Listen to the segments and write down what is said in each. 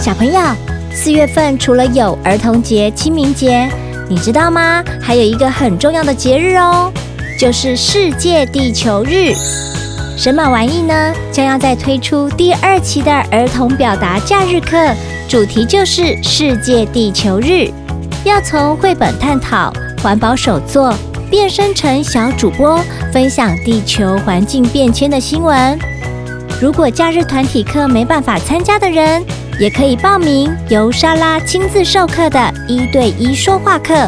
小朋友，四月份除了有兒童節、清明節，你知道嗎？還有一個很重要的節日哦，就是世界地球日。神馬玩意呢，將要再推出第二期的兒童表達假日課，主題就是世界地球日，要從繪本探討環保手作，變身成小主播分享地球環境變遷的新聞。如果假日團體課沒辦法參加的人，也可以報名由莎拉親自授課的一對一說話課，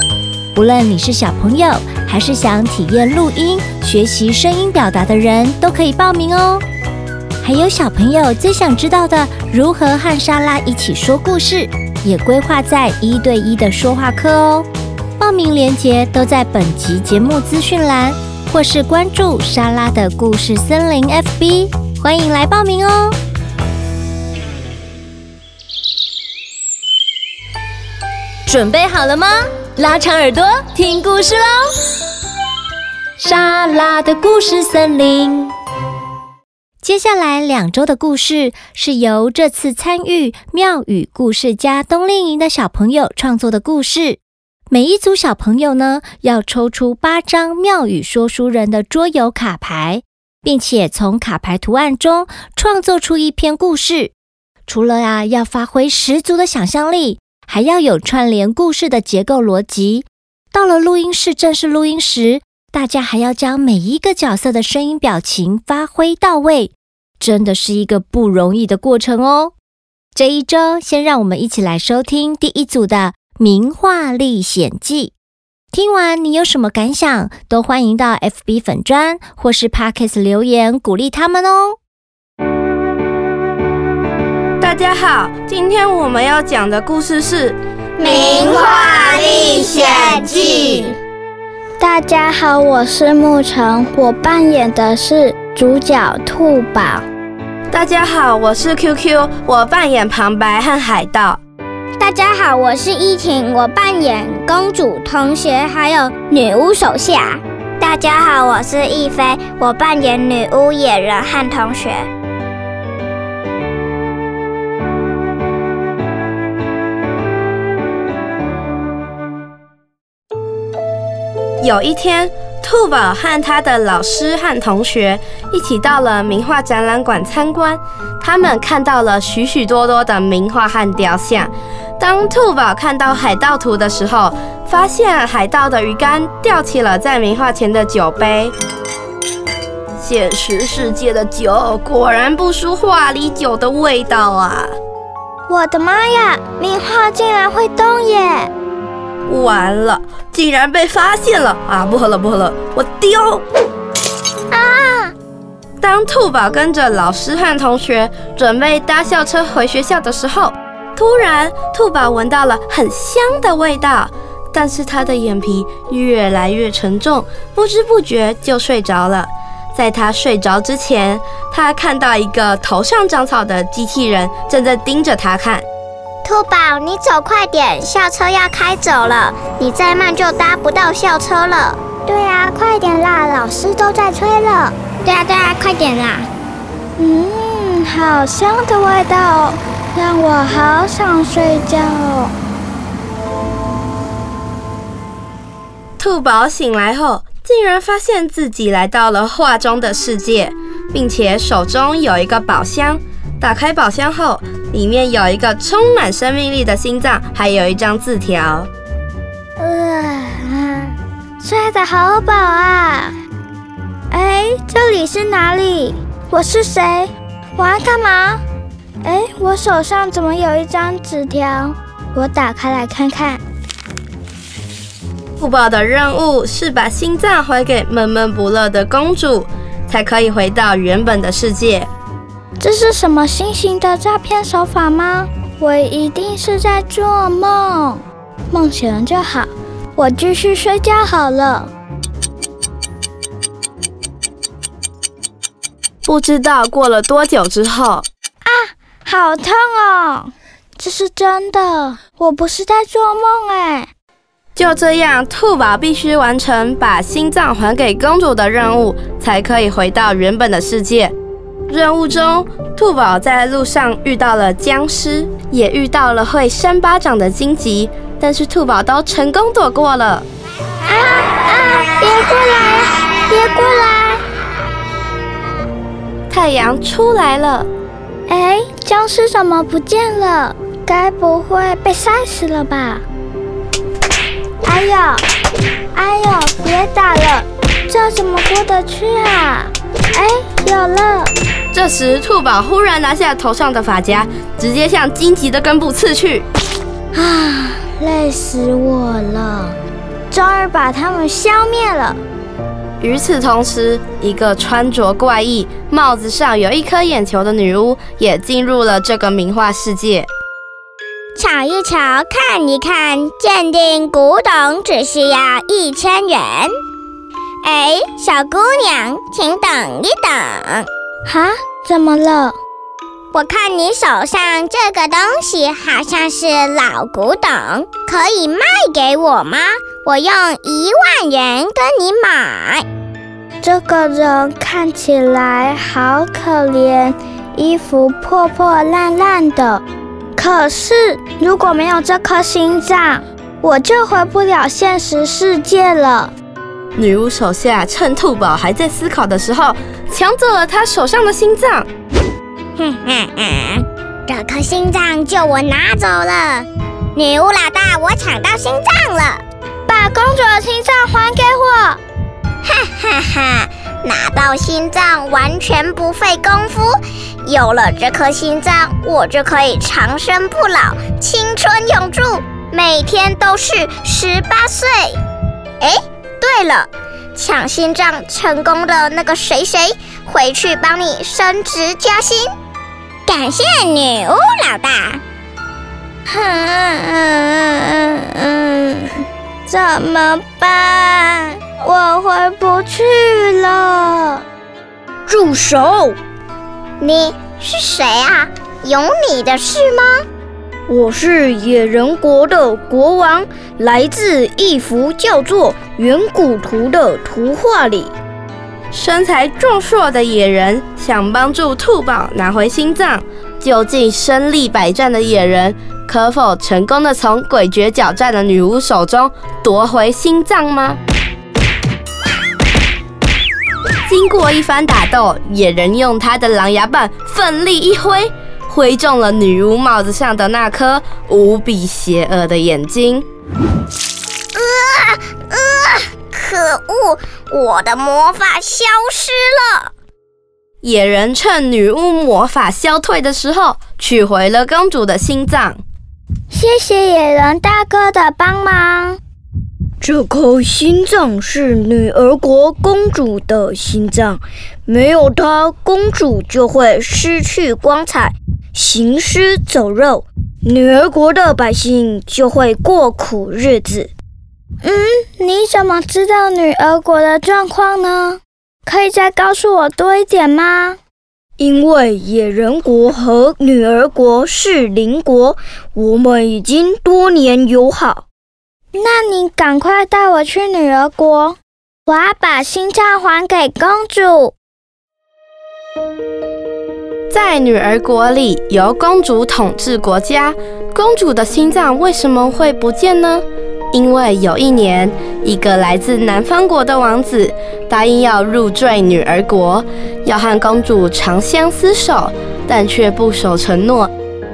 不論你是小朋友，還是想體驗錄音學習聲音表達的人，都可以報名哦。還有小朋友最想知道的，如何和莎拉一起說故事，也規劃在一對一的說話課哦。報名鏈接都在本集節目資訊欄，或是關注莎拉的故事森林 FB，歡迎來報名哦。準備好了嗎？拉長耳朵聽故事嘍！莎拉的故事森林。接下來兩週的故事是由這次參與妙語故事家冬令營的小朋友創作的故事。每一組小朋友呢，要抽出八張妙語說書人的桌遊卡牌，並且從卡牌圖案中創作出一篇故事。除了啊，要發揮十足的想象力還要有串聯故事的結構邏輯。到了錄音室正式錄音時，大家還要將每一個角色的聲音表情發揮到位，真的是一個不容易的過程哦。這一周，先讓我們一起來收聽第一組的《名畫歷險記》。聽完你有什麼感想？都歡迎到 FB 粉專或是 Podcast 留言鼓勵他們哦。大家好，今天我們要講的故事是《名畫歷險記》。大家好，我是沐宸，我扮演的是主角兔寶。大家好，我是 QQ，我扮演旁白和海盜。大家好，我是依亭，我扮演公主、同學還有女巫手下。大家好，我是翊霏，我扮演女巫、野人和同學。有一天，兔寶和他的老師和同學一起到了名畫展覽館參觀。他們看到了許許多多的名畫和雕像。當兔寶看到海盜圖的時候，發現海盜的魚竿吊起了在名畫前的酒杯。現實世界的酒果然不輸畫裡酒的味道啊！我的媽呀，名畫竟然會動耶！完了，竟然被發現了啊！不喝了，不喝了，我丟！啊！當兔寶跟着老師和同學準備搭校車回學校的時候，突然兔寶聞到了很香的味道，但是它的眼皮越來越沉重，不知不覺就睡着了。在它睡着之前，它看到一個頭上長草的機器人正在盯着它看。兔寶，你走快點，校車要開走了，你再慢就搭不到校車了。對呀，快點啦！老師都在催了。對呀，對呀，快點啦！嗯，好香的味道，讓我好想睡覺。兔寶醒來後，竟然發現自己來到了畫中的世界，並且手中有一個寶箱。打開寶箱後，裡面有一個充滿生命力的心臟，還有一張字條。呃，啊！睡得好飽啊！哎，這裡是哪裡？我是誰？我要幹嘛？哎，我手上怎麼有一張紙條？我打開來看看。護寶的任務是把心臟還給悶悶不樂的公主，才可以回到原本的世界。這是什麼新型的詐騙手法嗎？我一定是在做夢，夢醒了就好，我繼續睡覺好了。不知道過了多久之後，啊，好痛哦！這是真的，我不是在做夢哎。就這樣，兔寶必須完成把心臟還給公主的任務，才可以回到原本的世界。任務中，兔寶在路上遇到了僵屍，也遇到了會扇巴掌的荊棘，但是兔寶都成功躲過了。啊啊！啊、別過來！別過來！太陽出來了，哎、欸，僵屍怎麼不見了？該不會被曬死了吧？哎呦！哎呦！別打了，這怎麼過得去啊？哎、欸，有了！這時，兔寶忽然拿下頭上的髮夾，直接向荊棘的根部刺去。啊，累死我了！終於把它們消滅了。與此同時，一個穿着怪異、帽子上有一顆眼球的女巫也進入了這個名畫世界。瞧一瞧，看一看，鑑定古董只需要一千元。哎，小姑娘，請等一等。哈？怎麼了？我看你手上這個東西好像是老古董，可以賣給我嗎？我用一萬元跟你買。這個人看起來好可憐，衣服破破爛爛的。可是如果沒有這顆心臟，我就回不了現實世界了。女巫手下趁兔寶還在思考的時候，搶走了她手上的心臟。哼哼哼，這顆心臟就我拿走了。女巫老大，我搶到心臟了！把公主的心臟還給我！哈哈哈，拿到心臟完全不費功夫。有了這顆心臟，我就可以長生不老，青春永駐，每天都是十八歲。誒。對了，搶心臟成功的那個誰誰，回去幫你升職加薪，感謝女巫老大，嗯嗯嗯。怎麼辦？我回不去了。住手！你是誰啊？有你的事嗎？我是野人國的國王，來自一幅叫做《遠古圖》的圖畫裡。身材壯碩的野人想幫助兔寶拿回心臟，究竟身歷百戰的野人可否成功地從詭譎狡詐的女巫手中奪回心臟嗎？經過一番打鬥，野人用他的狼牙棒奮力一揮。揮中了女巫帽子上的那顆無比邪惡的眼睛！啊啊、呃呃！可惡，我的魔法消失了！野人趁女巫魔法消退的時候，取回了公主的心臟。謝謝野人大哥的幫忙。這顆心臟是女兒國公主的心臟，沒有它，公主就會失去光彩。行屍走肉，女兒國的百姓就會過苦日子。嗯，你怎麼知道女兒國的狀況呢？可以再告訴我多一點嗎？因為野人國和女兒國是鄰國，我們已經多年友好。那你趕快帶我去女兒國，我要把心臟還給公主。在女兒國裡，由公主統治國家。公主的心臟為什麼會不見呢？因為有一年，一個來自南方國的王子答應要入贅女兒國，要和公主長相廝守，但卻不守承諾。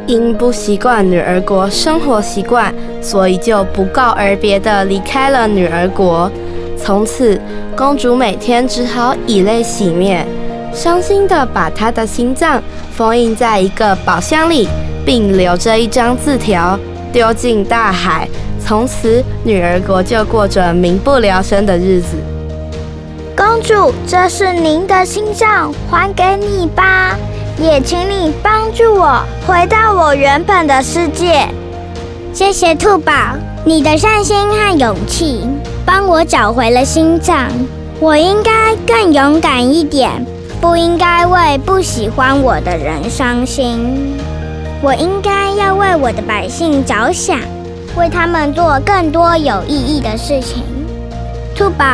因不習慣女兒國生活習慣，所以就不告而別地離開了女兒國。從此，公主每天只好以淚洗面。傷心地把他的心臟封印在一個寶箱裡，並留着一張字條丟進大海。從此，女兒國就過着民不聊生的日子。公主，這是您的心臟，還給你吧。也請你幫助我回到我原本的世界。謝謝兔寶，你的善心和勇氣幫我找回了心臟。我應該更勇敢一點。不應該為不喜歡我的人傷心，我應該要為我的百姓着想，為他們做更多有意義的事情。兔寶，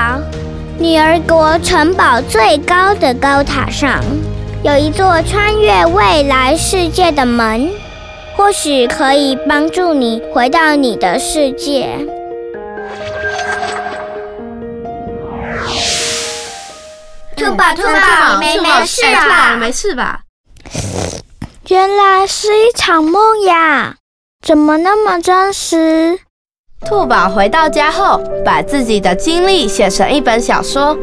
女兒國城堡最高的高塔上，有一座穿越未來世界的門，或許可以幫助你回到你的世界。兔寶、哎，兔寶，你沒事吧？沒事吧？原來是一場夢呀，怎麼那麼真實？兔寶回到家後，把自己的經歷寫成一本小說，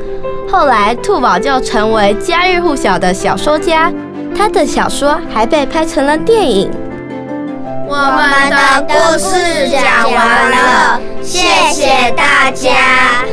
後來兔寶就成為家喻戶曉的小說家，他的小說還被拍成了電影。我們的故事講完了，謝謝大家。